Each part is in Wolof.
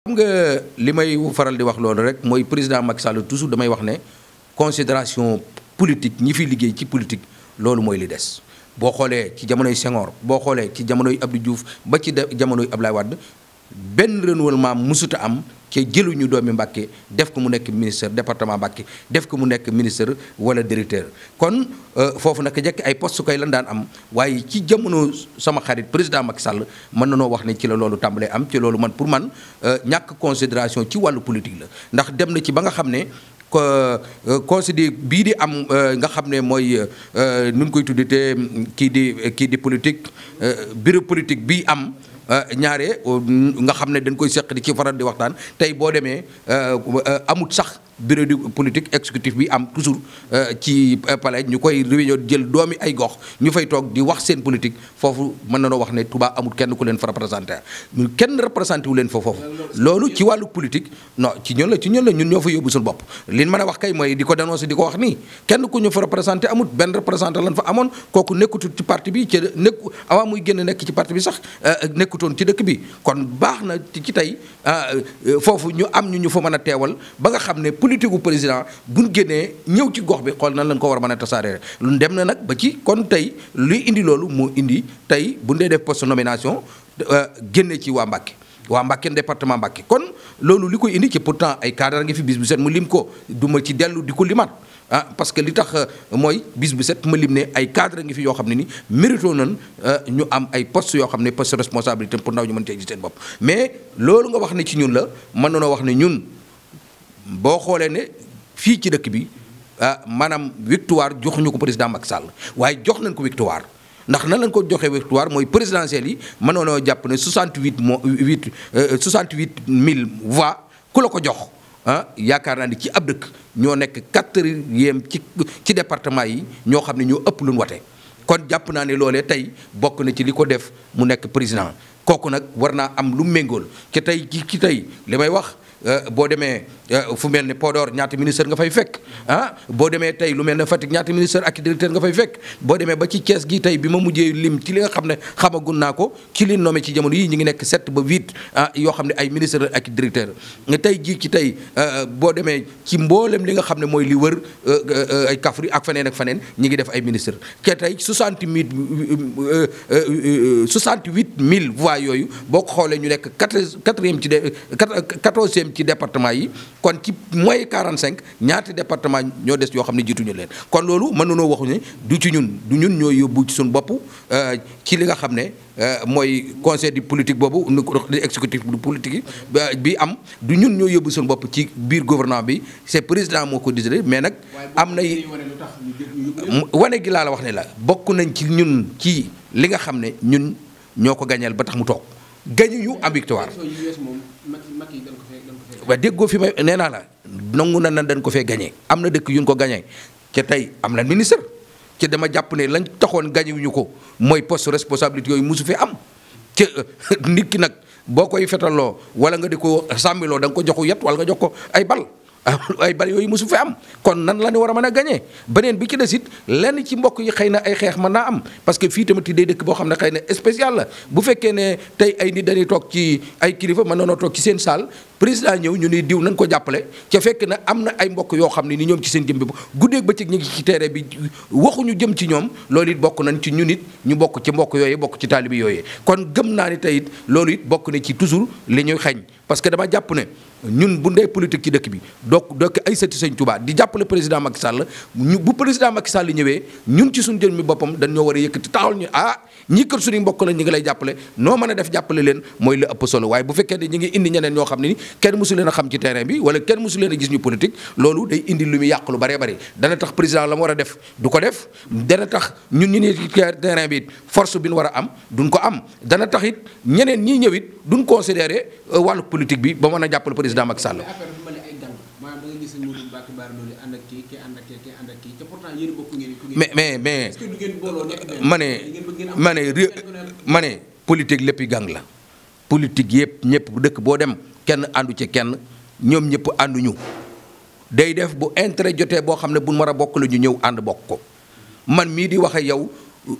xam nga li may faral di wax loolu rek mooy président Macky Sall toujours damay wax ne considération politique ñi fi liggéey ci politique loolu mooy li des. boo xoolee ci jamonoy Senghor boo xoolee ci jamonoy Abdou Diouf ba ci jamonoy Abdoulaye Wade benn renouvellement maam a am. ci jëluñu doomi Mbàkke def ko mu nekk ministre département Mbàkke def ko mu nekk ministre wala directeur kon euh, foofu nag jekk ay poste koy lan daan am waaye ci jamono sama xarit président Macky Sall mën na noo wax ne ci la loolu tàmbalee am ci loolu man pour man euh, ñàkk considération ci wàllu politique la ndax dem na ci ba nga xam ne euh, considé bii di am nga xam ne mooy nu ñu koy tuddite kii di kii di politique bureau politique bii am Euh, ñaare euh, nga xam ne dañ koy seq di ci faral di waxtaan tey boo demee euh, amut sax bureau du politique exécutif bi am toujours euh, ci euh, palais ñu koy réunion jël doomi ay gox ñu fay toog di wax seen politique foofu mën na noo wax ne Touba amul kenn ku leen fa représenté kenn représenté wu leen fa foofu loolu ci wàllu politique non ci ñun la ci ñun la ñun ñoo fa yóbbu suñu bopp li mën a wax kay mooy di ko dénoncé di ko wax nii kenn ku ñu fa représenté amut benn représentant lan fa amoon kooku nekkutul ci parti bi ci nekku avant muy génn nekk ci parti bi sax euh, nekkutoon ci dëkk bi kon baax na ci tey foofu ñu am ñu ñu fa mën a teewal ba nga xam ne politique gu président buñ génnee ñëw ci gox bi xool nan lañ ko war a mën a tasaare lu dem na nag ba ci kon tey luy indi loolu moo indi tey bu dee def post nomination euh, génne ci waa Mbàkke waa Mbàkke département Mbàkke kon loolu li koy indi ci pour pourtant ay cadre ngi fi bis bu set mu lim ko duma ci dellu di ko limaat ah, parce que li tax euh, mooy bis bu set ma lim ne ay cadre ngi fi yoo xam ne ni mérito nan euh, ñu am ay post yoo xam ne poste responsabilité pour ndaw ñu mën cee gis seen loolu nga wax ne ci ñun la mën na wax ne ñun boo xoolee ne fii ci dëkk bi ah maanaam victoire joxuñu ko président Macky Sall waaye jox nañ ko victoire ndax nan lañ ko joxee victoire mooy présidentielle yi mënoonoo jàpp ne 68 mo 8 68 euh, mille voix ku la ko jox ah yaakaar naa ni ci ab dëkk ñoo nekk quatrième ci ci département yi ñoo xam ne ñoo ëpp lu ñu wate kon jàpp naa ne loolee tey bokk na ci li ko def mu nekk président kooku nag war naa am lu méngool ci tey ci ci tey li may wax Eh, boo demee eh, fu mel ni Podor ñaati ministre nga fay fekk ah, boo demee tey lu mel ne Fatick ñaata ministre ak directeur nga fay fekk boo demee ba ci Thiès gi tey bi ma mujjee lim ci li nga xam ne xamagun naa ko ci lii nommé ci jamono yii ñu ngi nekk sept ba huit ah, yoo xam ne ay ministre ak directeur tey jii ci tey eh, boo demee ci mboolem li nga xam ne mooy li wër ay kafri ak faneen ak faneen ñi ngi def ay ministre ke tey soixante mille soixante huit mille voix yooyu boo ko xoolee ñu nekk quatorzième ci de quatorzième dem ci département yi kon ci mooy 45 ñaati département ñoo des yoo xam ne jiituñu leen kon loolu mën mënunoo waxu ne du ci ñun du ñun ñoo yóbbu ci suñu bopp euh, ci li nga xam ne euh, mooy conseil du politique boobu exécutif du politique yi bi am du ñun ñoo yóbbu suñu bopp ci biir gouvernement bi c'est président moo ko décidé mais nag am na wane gi laa la wax ne la bokk nañ ci ñun ci li nga xam ne ñun ñoo ko gañeel ba tax mu toog gañu ñu am victoire waa déggoo fi may nee naa la nangu na nan dañ ko fee gañee am na dëkk yuñ ko gagné ca tey am na ministre ca dama jàpp ne lañ taxoon gagné ko mooy post responsabilité yooyu mosu fi am ca ki nag boo koy fetaloo wala nga di ko sàmmiloo da nga ko joxu yet wala nga jox ko ay bal ay bal yooyu mosu fi am kon nan la ñu war a mën a gagné beneen bi ci des lenn ci mbokk yi xëy na ay xeex mën naa am parce que fii tamit day dëkk boo xam ne xëy na spécial la bu fekkee ne tey ay nit dañuy toog ci ay kilifa mën nañoo toog ci seen salle président ñëw ñu ni diw nañ ko jàppale ca fekk na am na ay mbokk yoo xam ne ni ñoom ci seen jëm bi guddeeg bëccëg ñu ngi ci terrain bi waxuñu jëm ci ñoom loolu it bokk nañ ci ñun it ñu bokk ci mbokk yooyee bokk ci taalibi yooyee kon gëm naa ni tey loolu it bokk na ci toujours li ñuy xeeñ parce que dama jàpp ne ñun bu ndey politique ci dëkk bi donc donc ay sëti sëñ Touba di jàppale président Macky Sall ñu bu président Macky Sall ñëwee ñun ci suñu jëm mi boppam dañ war a yëkkati taxawal ñu ah ñi kër suñuy mbokk la ngi lay jàppale noo mën a def jàppale leen mooy la ëpp solo waaye bu fekkee ne ñi ngi indi ñeneen ñoo xam ne ni kenn mosu leen a xam ci terrain bi wala kenn mosu leen a gis ñu politique loolu day indi lu muy yàq lu bëree bëri la a def du ko def dana tax ñun ñu ne ci terrain bi force bi nu war a am duñ ko am dana tax it ñeneen ñii ñëw it duñ considéré euh, wàllu politique bi ba mën a jàppale président Macky Sall mais mais mais ma ne ma ne ré ma ne politique lépp gang la politique yëpp ñëpp dëkk boo dem kenn àndu ci kenn ñoom ñëpp ànduñu day def bu intérêt jotee boo xam ne bu mar a bokk la ñu ñëw ànd bokk ko man mii di wax ak yow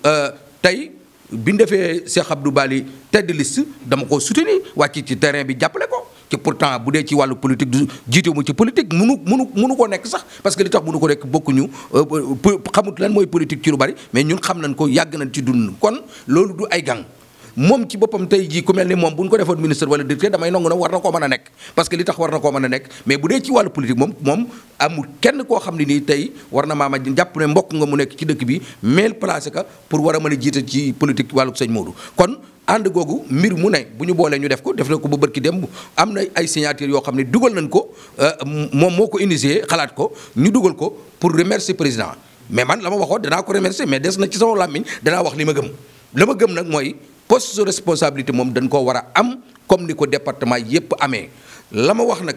euh, tey bi ñu defee Cheikh Abdou Bali tedd liste dama ko soutenir wàcc ci terrain bi jàppale ko ci pourtant bu dee ci wàllu politique du jiite mu ci politique munu munu munu ko nekk sax parce que li tax munu ko nekk bokkuñu euh, xamut lan mooy politique ci lu bari mais ñun xam nañ ko yàgg nañ ci dund kon loolu du ay gang moom ci boppam tey jii ku mel ni moom bu ñu ko defoon ministre wala directeur damay nangu na war na koo mën a nekk parce que li tax war na koo mën a nekk mais bu dee ci wàllu politique moom moom amul kenn koo xam ne nii tey war na maama jàpp ne mbokk nga mu nekk ci dëkk bi mel placé ka pour war a mën a jiite ci politique wàllu sëñ Modou kon ànd googu mbir mu ne bu ñu boolee ñu def ko def na ko ba bërki dem am na ay signature yoo xam ne dugal nañ ko euh, moom moo ko initié xalaat ko ñu dugal ko pour remercier président mais man la ma waxoon danaa ko remercier mais des na ci sama làmmiñ danaa wax li ma gëm la ma gëm nag mooy poste de responsabilité moom dañ koo war a am comme ni ko département yépp amee la ma wax nag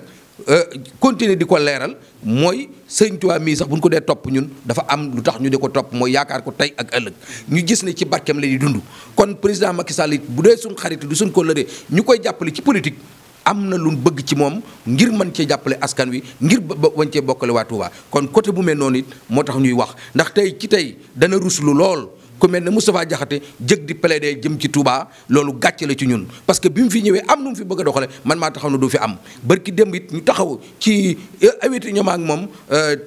euh, continuer di ko leeral mooy Sëriñ mii sax bu ñu ko dee topp ñun dafa am lu tax ñu di ko topp mooy yaakaar ko tey ak ëllëg ñu gis ne ci barkeem la ñuy dund kon président Macky Sall bu dee suñ xarit du suñ ko lëree ñu koy jàppale ci politique am na lu bëgg ci moom ngir mën cee jàppale askan wi ngir ba bañ cee bokkale waa Touba kon côté bu mel noonu moo tax ñuy wax ndax tey ci tey dana ruslu lool ku mel ne Moustapha Diakhaté jëg di plaider jëm ci Touba loolu gàcc la ci ñun parce que bi mu fi ñëwee am nu mu fi bëgg a doxale man maa taxaw na du fi am barki démb it ñu taxaw ci euh, awiti ñoom ak moom euh,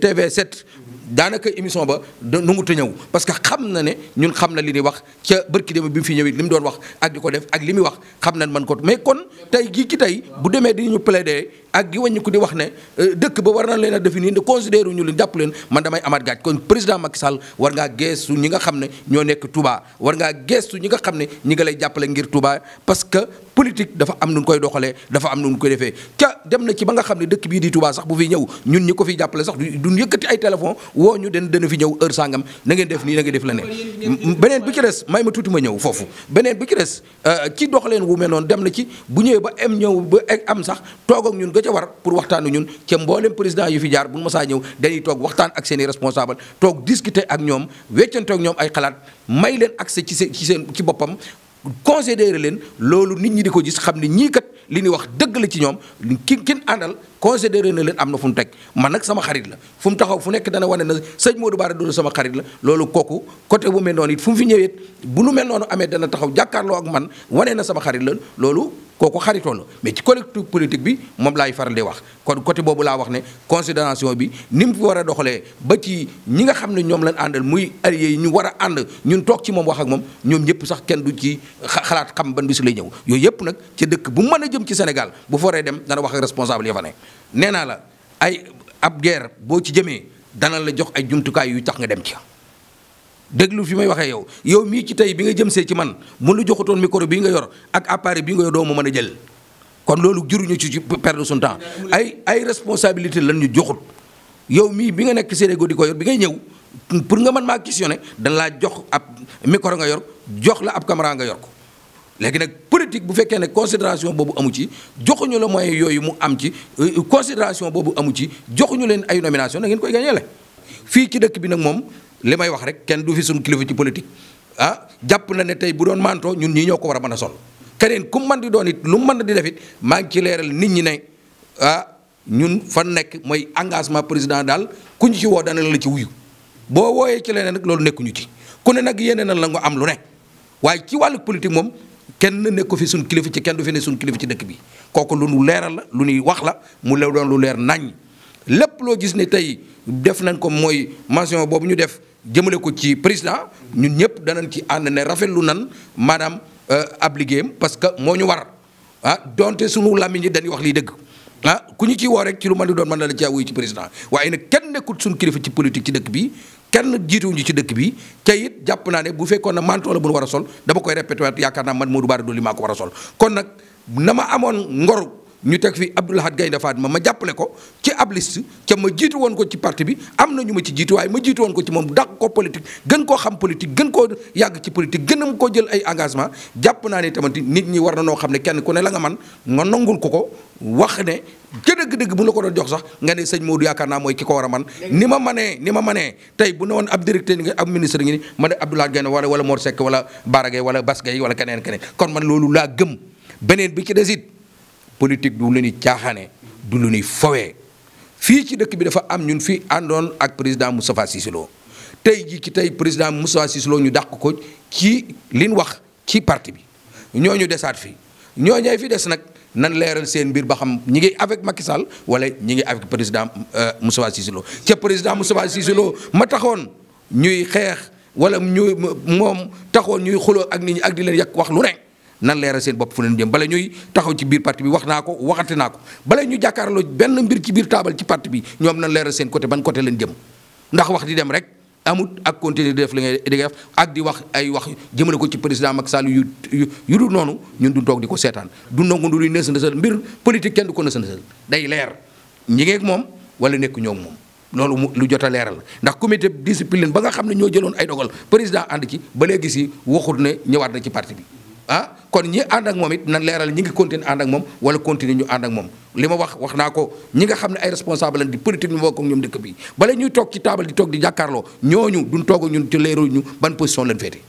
TV7 daanaka émission ba nu ngu ta ñëw parce que xam na ne ñun xam na li ni wax ca bërki dem bi fi ñëwee li doon wax ak di ko def ak li muy wax xam na man ko mais kon tey gii ki tey bu demee di ñu plaider ak di wàññi ko di wax ne euh, dëkk ba war na leen a définir de considéré ñu leen jàpp leen man damay amaat gaaj kon président Macky Sall war ngaa geestu ñi nga xam ne ñoo nekk Touba war ngaa geestu ñi nga xam ne ñi nga lay jàppale ngir Touba parce que politique dafa am nu koy doxalee dafa am nu ko defee ca dem na ci ba nga xam ne dëkk bii di Touba sax bu fi ñëw ñun ñi ko fi jàppale sax duñ yëkkati ay téléphone woo ñu den dana fi ñëw heure sangam na ngeen def nii na ngeen def leneen beneen bi ci des may ma tuuti ma ñëw foofu beneen bi ci des euh, ci doxaleen wu mel noonu dem na ci bu ñëwee ba am ñëw ba e-, am sax toog ak ñun ga ca war pour waxtaanu ñun ca mboolem président yu fi jaar bu ma saa ñëw dañuy toog waxtaan ak seen i toog discuter ak ñoom weccante ak ñoom ay xalaat may leen accès ci seen ci seen ci boppam considéré leen loolu nit ñi di ko gis xam ne ñii kat li ñuy wax dëgg la ci ñoom ki kin àndal considéré na leen am na fu mu teg man nag sama xarit la fu mu taxaw fu nekk dana wane na sëñ Modou du Dolly sama xarit la loolu kooku côté bu mel noonu it fu fi ñëwee bu nu mel noonu amee dana taxaw jàkkaarloo ak man wane na sama xarit la loolu kooku xaritoo la mais ci collectif politique bi moom laay faral di wax kon côté boobu laa wax ne considération bi ni mu fi war a doxalee ba ci ñi nga xam ne ñoom lañ àndal muy alliés yi ñu war a ànd ñun toog ci moom wax ak moom ñoom ñëpp sax kenn du ci xalaat xam ban bis lay ñëw yooyu yëpp nag ci dëkk bu mën a jëm ci Sénégal bu foree dem dana wax ak responsable ya nee naa la ay ab guerre boo ci jëmee dana la jox ay jumtukaay yu tax nga dem ci déglu fi may waxee yow yow mii ci tey bi nga jëm see ci man mun lu joxutoon micro bii nga yor ak appareil bii nga doo ma mën a jël kon loolu juruñu ci ci perdre son ay ay responsabilité lan ñu joxut yow mii bi nga nekk Sénégal di ko yor bi ngay ñëw pour nga mën maa questionné dañ laa jox ab micro nga yor jox la ab caméra nga yor ko léegi nag politique bu fekkee ne considération boobu amu ci joxuñu la mooy yooyu mu am ci euh, considération boobu amu ci joxuñu leen ay nomination da ngeen koy gañeele fii ci dëkk bi nag moom li may wax rek kenn du fi suñu kilifa ci politique ah jàpp na ne tey bu doon manto ñun ñii ñoo ko war a mën a sol keneen ku man di doon it lu mën di def it leeral nit ñi ne ah ñun fan nekk mooy engagement président daal ku ñu ci woo dana la ci wuyu boo wooyee ci leneen nag loolu nekkuñu ci ku nag yéene na la nga am lu ne waaye ci wàll politique moom kenn nekku fi suñ kilifa ci kenn du fi ne kilifa ci dëkk bi kooku lu nu leeral la lu nuy wax la mu la doon lu leer nañ lépp loo gis ne tey def nañ ko mooy mention boobu ñu def jëmale ko ci président ñun ñëpp danañ ci ànd ne rafetlu nan maanaam euh, ab liggéeyam parce que moo ñu war ah donte suñu làmmiñ yi dañuy wax lii dëgg ah ku ñu ci woo rek ci lu mën di doon mën na la caa wuyu ci président waaye nag kenn nekkul suñ kilifa ci politique ci dëkk bi kenn jiituwuñu ci dëkk bi tey it jàpp naa ne bu fekk na manteau la bu nu war a sol dama koy répété waat yaakaar naa man Modou Bara Dolly maa ko war a sol kon nag na ma amoon ngor ñu teg fi Abdou Lahad Gaynde Fatma ma jàppale ko ci ab ca ma jiitu woon ko ci parti bi am na ñu ma ci jiitu waaye ma jiitu woon ko ci moom dàq ko politique gën koo xam politique gën koo yàgg ci politique gën a koo jël ay engagement jàpp naa ne tamit nit ñi war na noo xam ne kenn ku ne la nga man nga nangul ko ko wax ne ca dëgg-dëgg bu la ko doon jox sax nga ne sëñ Modou yaakaar naa mooy ki ko war a man ni ma manee ni ma manee tey bu ne woon ab directeur nga ab ministre ngi ni ma ne Abdou Lahad Gaynde wala wala wala Baragay wala wala keneen keneen kon man loolu laa gëm beneen bi ci des it politique du lu ñuy caaxaane du lu ñuy fowee fii ci dëkk bi dafa am ñun fi àndoon ak président Moustapha Cissé tey jii ci tey président Moustapha Cissé ñu dàq ko ci liñ wax ci parti bi ñoo ñu desaat fi ñooñay fi des nag nan leeral seen mbir ba xam ñi ngi avec Macky Sall wala ñi ngi avec président euh, Moustapha Cissé ca président Moustapha Cissé ma taxoon ñuy xeex wala ñuy moom taxoon ñuy xuloo ak nit ñi ak di leen yàq wax lu ne nan leeral seen bopp fu leen jëm bala ñuy taxaw ci biir parti bi wax naa ko waxante naa ko bala ñu jàkkaarloo benn mbir ci biir taabal ci parti bi ñoom nan leeral seen côté ban côté leen jëm ndax wax di dem rek amut ak continuer di def li ngay di def ak di wax ay wax jëmale ko ci président Macky Sall yu yu dul noonu ñun du toog di ko seetaan du nangu du luy nës nësal mbir politique kenn du ko nës nësal day leer ñi ngeeg moom wala nekk ñoo moom. loolu mu lu jot a leeral ndax comité discipline ba nga xam ne ñoo jëloon ay dogal président ànd ci ba léegi si waxut ne ñëwaat na ci parti bi. ah kon ñi ànd ak moom it nan leeral ñi ngi continuer ànd ak moom wala continuer ñu ànd ak moom li ma wax wax naa ko ñi nga xam ne ay responsable lañ di politique ñu bokk ñoom dëkk bi bala ñuy toog ci taabal di toog di jàkkaarloo ñooñu duñ toog ñun ci leeru ñu ban position lañ féete